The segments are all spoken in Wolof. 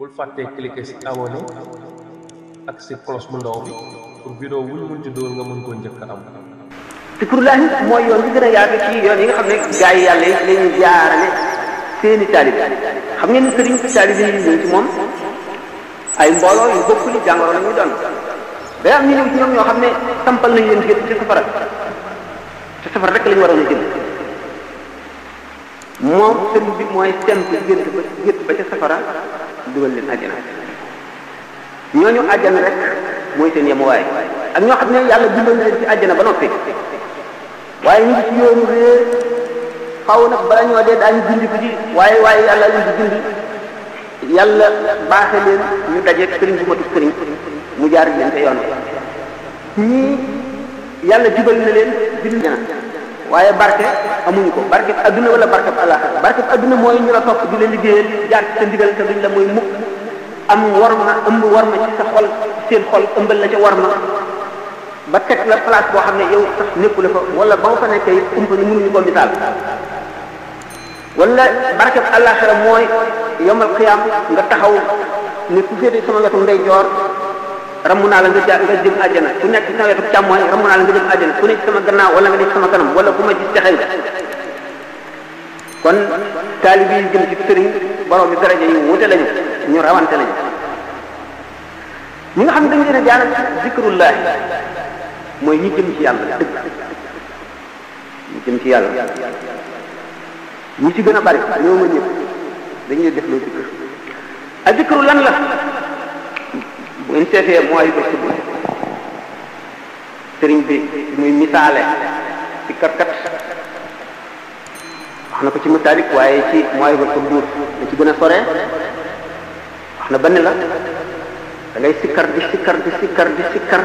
bul fàttee cliquer ci abonné ak ci cloche bu ndaw bi pour vidéo wuñ mën ci nga mën koo njëkk a am. zikrulaahi mooy yoon bi gën a yaatu ci yoon yi nga xam ne gars yi yàlla yi lañu jaarale seeni taalib xam ngeen ni sëriñ taalib yi ñu ñëw moom ay mbooloo yu bokkul jàngoro la ñuy doon day am ñu ñëw ci ñoom ñoo xam ne tampal nañ leen gétt ci safara te safara rek la ñu waroon a génn moom sëriñ bi mooy temp gént ba gént ba ca safara. dugal leen àjjana ñooñu àjjana rek mooy seen yemuwaay ak ñoo xam ne yàlla dimbal leen ci àjjana ba noppi waaye ñu ngi ci yoonu réer xaw nag bala ñoo dee daañu gindi ko ci waaye waaye yàlla leen di gindi yàlla baaxe leen ñu daje sëriñ bu matu sëriñ mu jaar leen te yoon ñii yàlla jubal na leen bind na waye barke amuñ ko barke aduna wala barke alaxira barke aduna moy ñu la top di la liggéeyal jaar ci ndigal te duñ la moy mukk am warma am warma ci sa xol seen xol ëmbal la ci warma ba tek la place bo xamne yow tax nekku fa wala ba nga fa nekkee it umpa ni ñu ko misaal wala barke alaxira moy yomal qiyam nga taxaw ni ku fete sama wetu ndey jor ramm naa la nga ja nga jëm àjjana ku nekk ci nawetu càmmooñ ramm naa la nga jëm àjjana ku nekk sama gannaaw wala nga nekk sama kanam wala ku ma gis texe nga kon taalibi yi jëm ci sëriñ borom bi daraja yi wute lañu ñu rawante lañu ñi nga xam ne dañ leen a jaanal zikrullahi mooy ñi jëm ci yàlla dëgg ñi jëm ci yàlla ñi ci gën a bari ñoo ma ñëpp dañuy def loo zikr a zikru lan la bu mooy ba suba sëriñ bi muy misaale ci katkat wax na ko ci mutaarik waaye ci mooy ba suba la ci gën a sore wax na benn la da sikkar di sikkar di sikkar di sikkar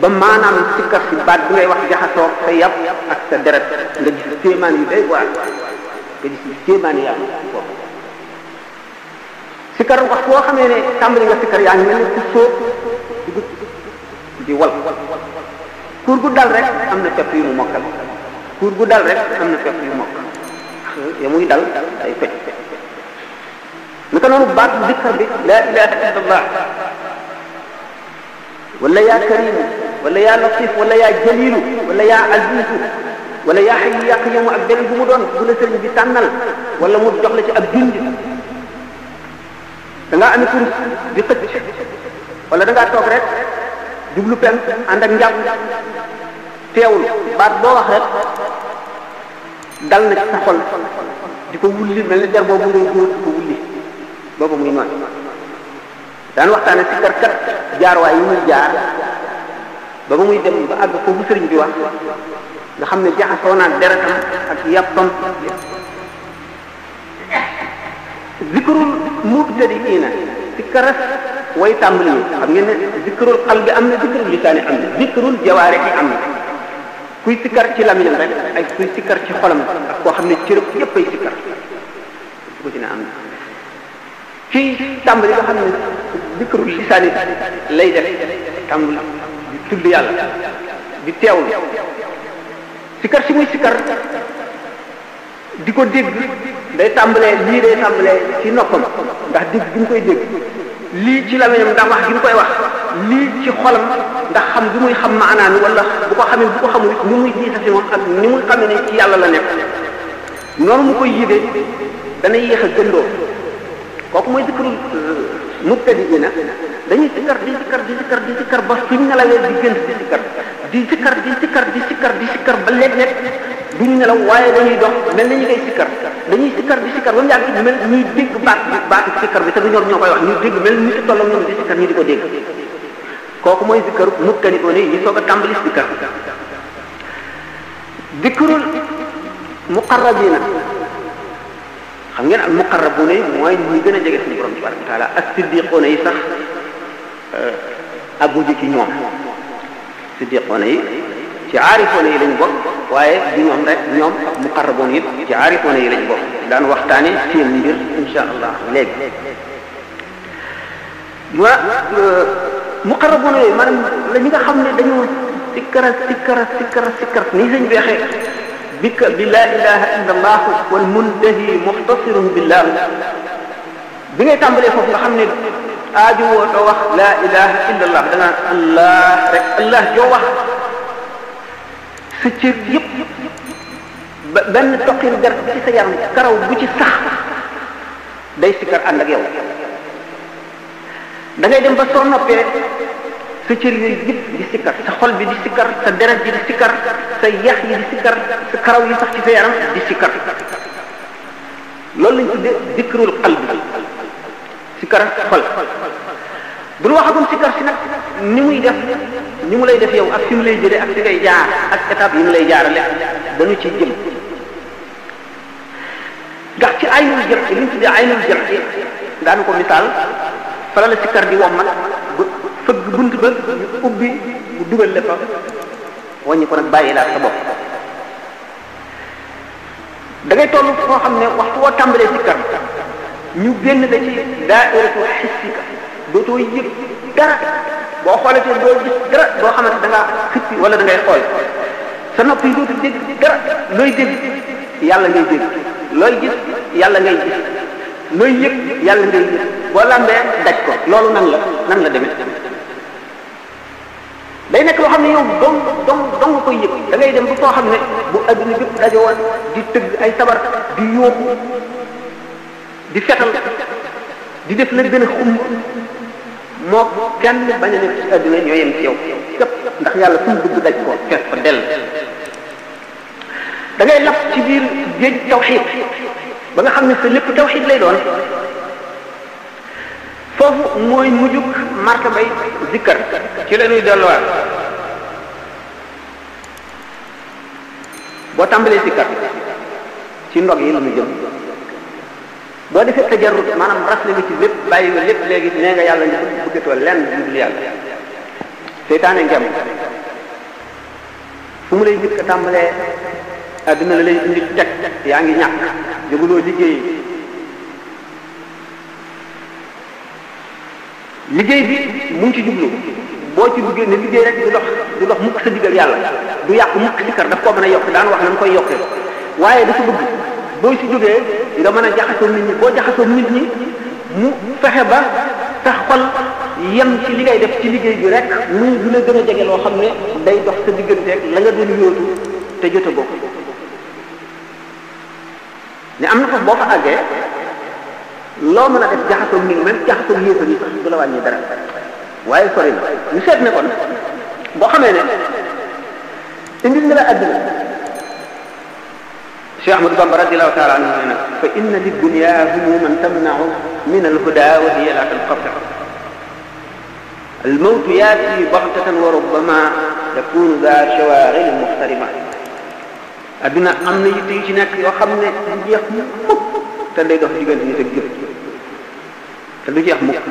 ba maanaam sikkar si baat bi ngay wax jaxasoo sa yàpp ak sa deret nga gis kéemaan yi day boole nga gis kéemaan yi sikar wax boo xamee ne tàmbali nga sikar yaa ngi mel ne ku sóob di wal kuur gu dal rek am na pepp yu mu mokkal kuur gu dal rek am na pepp yu mokk ya muy dal day fecc naka noonu baat dikkar bi laa ilaha illa allah wala yaa karimu wala yaa latif wala yaa jalilu wala yaa azizu wala yaa hayyu yaa qayyumu ak beneen bu mu doon bu la sëriñ bi tànnal wala mu jox la ci ab bind da ngaa ami kurus xëcc wala da toog rek jublu pen ànd ak njàpp teewul baat boo wax rek dal na ci sa xol di ko wulli mel ni der boobu ngay góor di ko wulli boobu muy noonu daan waxtaane si kër kat jaar waay yi muy jaar ba muy dem ba àgg foofu sëriñ bi wax nga xam ne jaxasoo naa deretam ak yàppam zikrul mubtadiina sikkaras way tàmbali yi xam ngeen ne zikrul qalbi am na zikrul lisaani am na zikrul jawaarihi am na kuy sikkar ci lamiñam rek ay kuy sikkar ci xolam ak koo xam ne cërëb yépp ay sikkar ko dina am na kii tàmbali nga xam ne zikrul lisaani lay def tàmbali di tudd yàlla di teewlu sikkar si muy sikkar di ko dégg day tàmbalee lii day tàmbalee ci noppam ndax dégg di mu koy dégg lii ci lamiñam ndax wax gi mu koy wax lii ci xolam ndax xam bi muy xam maanaan wala bu ko xamee bu ko xamul ni muy jiita si moom ak ni muy xamee ne ci yàlla la nekk noonu mu koy yidee dana yéex a gëndoo kooku mooy dikkaru euh, mubtadi ina dañuy sikkar di sikkar di sikkar di sikkar ba suñ nelawee di gënd di sikkar di sikkar di sikkar di sikkar di sikkar ba léeg-léeg du ñu nelaw waaye dañuy dox mel na ñu koy sikkar dañuy sikkar di sikkar ba mu yàgg mel ñuy dégg baat bi baatu sikkar bi te du ñoom ñoo koy wax ñuy dégg mel ni ci tollam ñoom di sikkar ñu di ko dégg kooku mooy sikkaru mukkanikoon yi ñu soog a tàmbali sikkar dikkurul muqarrabina xam ngeen al muqarrabuna mooy ñi gën a jege suñu borom tabaraka wa taala ak siddiqoona yi sax euh, abuji ci ñoom siddiqoona yi ci aarifoona yi lañ bokk waaye du ñoom rek ñoom ak muqarraboon yi ci aarifoona yi lañ bokk daan waxtaane seen mbir insha allah léegi wa euh, muqarraboon yooyu maanaam la ñi nga xam ne dañoo sikkara sikkara sikkara sikkar nii lañ weexee bika bi laa ilaha illa allah wal muntahi muxtasirun billah bi ngay tàmbalee foofu nga xam ne aaju woo doo wax laa ilaha illa allah da nga allah rek allah joo wax sa cër yépp ba benn toqin der ci sa yaram karaw bu ci sax day sikar ànd ak yow da ngay dem ba soo noppee sa di sikkar sa xol bi di sikkar sa deret ji di sikkar sa yax yi di sikkar sa karaw yi sax ci sa yaram di sikkar loolu lañ tuddee dikrul qalbi sikkar xol bu ñu waxagum si gar si nag ni muy def ni mu lay def yow ak fi mu lay jëlee ak fi ngay jaar ak étape yi mu lay jaarale dañu ci jëm ndax ci aynul jëm ci li ñu tuddee aynul jëm ci daanu ko misaal fala la sikkar di wommal ba fëgg bunt ba ñu ubbi bu dugal le fa wàññi ko nag bàyyi laa sa bopp da ngay toll foo xam ne waxtu woo tàmbalee sikkar ñu génn da ci daa iratu xissika dootoo yëg dara boo xoolatee doo gis dara boo xamante da ngaa xippi wala da sa nopp yi dootu dégg dara looy dégg yàlla ngay dégg looy gis yàlla ngay gis looy yëg yàlla ngay gis boo lambee daj ko loolu nan la nan la demee day nekk loo xam ne yow dong dong dong koy yëg da ngay dem bu koo xam ne bu adduna bépp dajowoon di tëgg ay sabar di yóoxu di fetal di def la gën a xumb moo kenn bañ a nekk ci àdduna ñoo yem ci yow képp ndax yàlla fu mu dugg daj ko fees ko dell da ngay ci biir géej tawxid ba nga xam ne sa lépp tawxid lay doon foofu mooy mujjug martabay zikkar ci la delluwaat boo tàmbalee zikkar ci ndog yi la ñu jëm boo defee tajarrud maanaam rafle nga ci lépp bàyyi nga lépp léegi nee nga yàlla nga bëggatoo lenn lu yàlla seytaane ngem fu mu lay njëkk a tàmbalee adduna la lay indi teg yaa ngi ñàkk jóguloo liggéey liggéey bi mu ngi ci jublu boo ci duggee ne liggéey rek du dox du dox mukk sa digal yàlla du yàqu mukk ci daf koo mën a yokk daan wax nañ koy yokkee waaye dafa bëgg boo ci jógee nga mën a jaxasoo nit ñi koo jaxasoo nit ñi mu fexe ba tax xol ci li ngay def ci liggéey bi rek muy lu la gën a jege loo xam ne day dox sa digganteek la nga doon yóotu te jot a bokk ne am na foofu boo fa àggee loo mën a def jaxasoo nit ñi même jaxasoo yéefar yi sax du la wàññi dara waaye sori na ñu seet ne kon boo xamee ne indil nga la àddina الشيخ احمد بن رضي الله تعالى عنه هنا فان للدنيا هموما تمنع من الهدى وهي لا تنقطع الموت ياتي بغته وربما يكون ذا شواغل محترمه ادنا امن يتي شي نك ci nekk yoo xam ne du jeex mukk te تا dox diggante nit ak jëf te du jeex mukk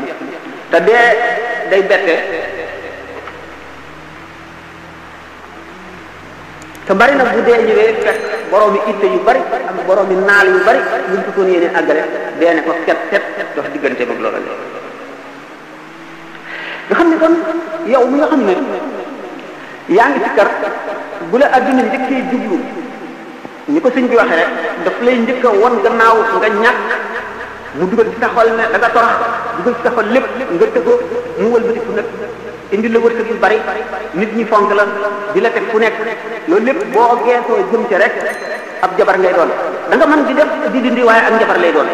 te bari na bu dee ñëwee fekk boroomi itte yu bari ak boroomi naal yu bari luñ ko kon yéene àggale dee ne ko fet fet dox diggante mag loola nga xam ne kon yow mu nga xam ne yaa ngi sikkar bu la adduna njëkkee jublu ni ko sëñ bi waxee rek daf lay njëkk a won gannaaw nga ñàkk mu dugal ci sa xol ne da nga torax dugal ci sa lépp nga tëggoo mu wëlbatiku nag indi la wërsëg bu bari nit ñi fonk la di la teg fu nekk loolu lépp boo geesoo jëm ca rek ab jabar ngay doon danga man di def di dindi waaye ak jabar lay doon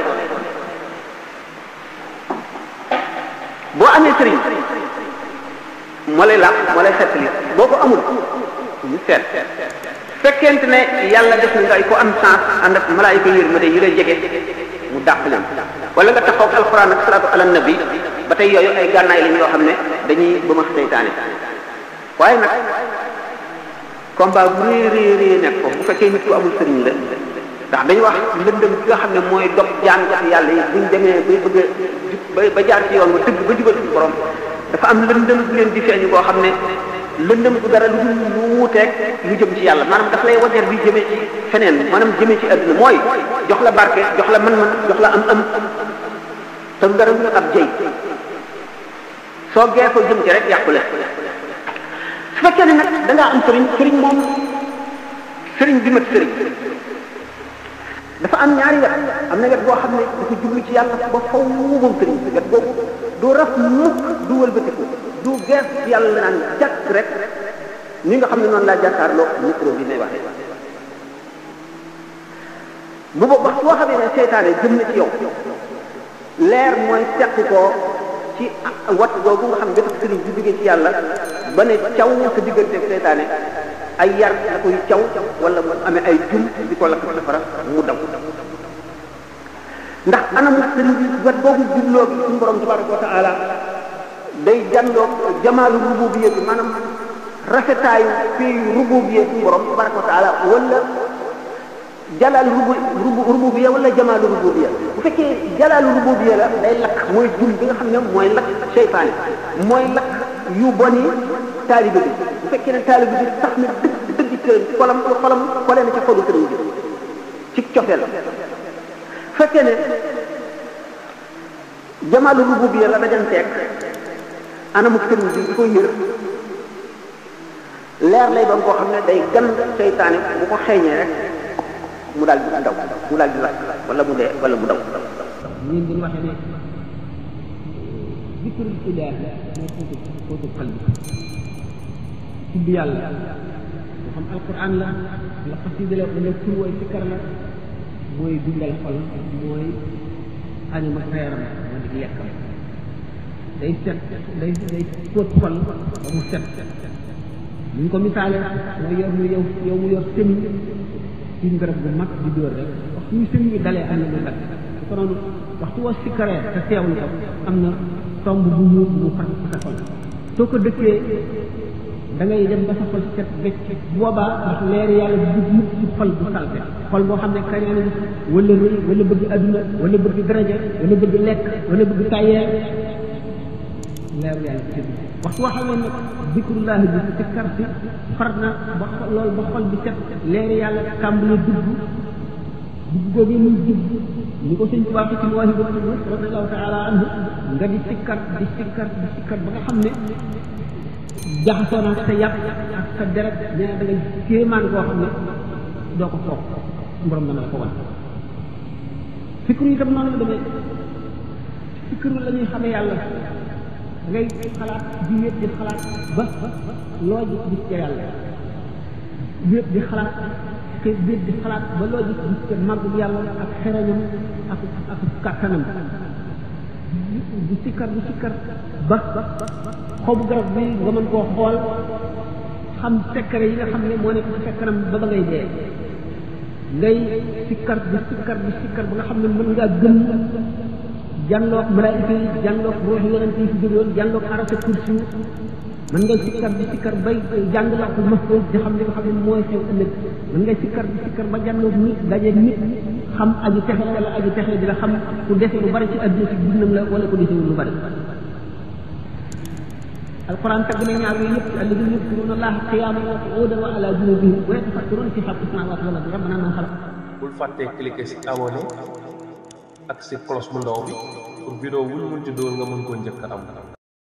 boo amee sëriñ moo lay làpp moo lay xettali boo ko amul ñu seet fekkente ne yàlla def na ngay ko am chance ànd ak malaayika yërmande yi lay jege mu dàq leen wala nga taxaw alxuraan ak salaatu ala nabi ba tey yooyu ay gànnaay lañ yoo xam ne dañuy ba ma seytaane waaye nag combat bu rëy rëy rëy nekk ko bu fekkee nit ku amul sëriñ la ndax dañu wax lëndëm bi nga xam ne mooy dog jaan jaan yàlla yi buñ demee bay bëgg ba ba ci yoon ba dëgg ba jubal ci borom dafa am lëndëm bu leen di feeñu boo xam ne lëndëm bu dara lu lu wuuteeg lu jëm ci yàlla maanaam daf lay waneer bi jëmee ci feneen maanaam jëmee ci àdduna mooy jox la barke jox la mën-mën jox la am am te dara lu ab jëy soo gee ko jëm ci rek yàqu la su fekkee ne nag da am sëriñ sëriñ moom sëriñ bi mat sëriñ dafa am ñaari wet am na wet boo xam ne dafa jublu ci yàlla ba faw moom sëriñ bi wet boobu du raf mukk du wëlbatiku du gees yàlla naan jàkk rek ni nga xam ne noonu laa jàkkaarloo micro bi may waxee bu boobaa soo xamee ne seytaane jëm na yow leer mooy teq koo ci wat googu nga xam ne tax sëriñ bi jógee ci yàlla ba ne caw sa digganteeg seytaane ay yar la koy caw wala mu amee ay jum di ko lakk safara mu daw ndax anamu sëriñ bi wat googu jubloo gi suñu borom tabaraka wa taala day jandoo jamaalu rububiyya bi maanaam rafetaayu fii rububiyya suñu borom tabaraka wa taala jalaalu rubu rububiya wala jamaalu rububiya bu fekkee jalaalu rububiya la day lakk mooy jum bi nga xam ne mooy lakk seytaane mooy yu bon yi bi bu fekkee ne taalibe bi sax na dëgg dëgg xolam xolam xolee na ca xolu këram bi ci cofeel fekkee ne jamaalu rububiya la dajanteeg anamu këram bi ko yeur leer lay bam ko xamne day gan seytaane bu ko xeeñee rek mu daal di daw mu daal di wala mu dee wala mu daw ñun bu ñu ne zikrul ilaah mooy xóotu xóotu xal bi tudd yàlla xam alquran la la xasida la wala tur way sikkar la mooy dundal xol mooy anima reeram moo di lekkam day set day day fóot xol mu set ñu ko misaale mooy yow yow yow ci garab bu mag di dóor rek waxtu yu sëñ bi dalee am na lu dakk su ko noonu waxtu woo sikkaree te teewlu ko am na tomb bu ñuul mu far sa xol soo ko dëkkee da ngay dem ba sa xol set bëcc xol boo xam ne kañaane wala rëy wala bëgg adduna wala bëgg daraja wala bëgg lekk wala bëgg tayeer leer yàlla ci waxtu waxaloon nag dikrullahi bi si kar si ba loolu ba xol bi set leer yàlla tàmbali dugg dugg googu muy dugg ni ko sëñ tubaa ci taala nga di sikkar di sikkar di sikkar ba nga xam ne na sa yàpp ak sa deret nee da nga kéemaan koo xam ko borom ko fikru itam la fikru rey xalaat di wéet di xalaat ba loo gis gis ca yàlla wéet di xalaat te wéet di xalaat ba loo gis gis ca màggug yàlla ak xerañam ak ak kàttanam di sikkar di sikkar ba xobu garab bi nga mën koo xool xam sekkare yi nga xam ne moo nekk sa kanam ba ba ngay dee ngay sikkar di sikkar di sikkar ba nga xam ne mën ngaa gëm jàlloog malaayika yi jàlloog ruuxi yonent yi fi jógoon jàlloog arasa kursi mën nga sikkar di sikkar bay jàng la ko mahfuus di xam li nga xam ne mooy xew ëllëg di sikkar ba nit xam aju texe wala aju texe di la xam ku dese lu bari ci adduna si dundam la wala ku desewul lu bari alquran tagg na ñaar yooyu yëpp alladina yadkuruna allaha qiyaman wa qu'udan wa ala junubihim wa yatafakkaruna fi xalqi samawati wal ardi rabbana ma xalaq bul fàtte cliquer si ak si cloche bu ndaw bi pour vidéo wuñ munti doon nga mën koo njëkk a am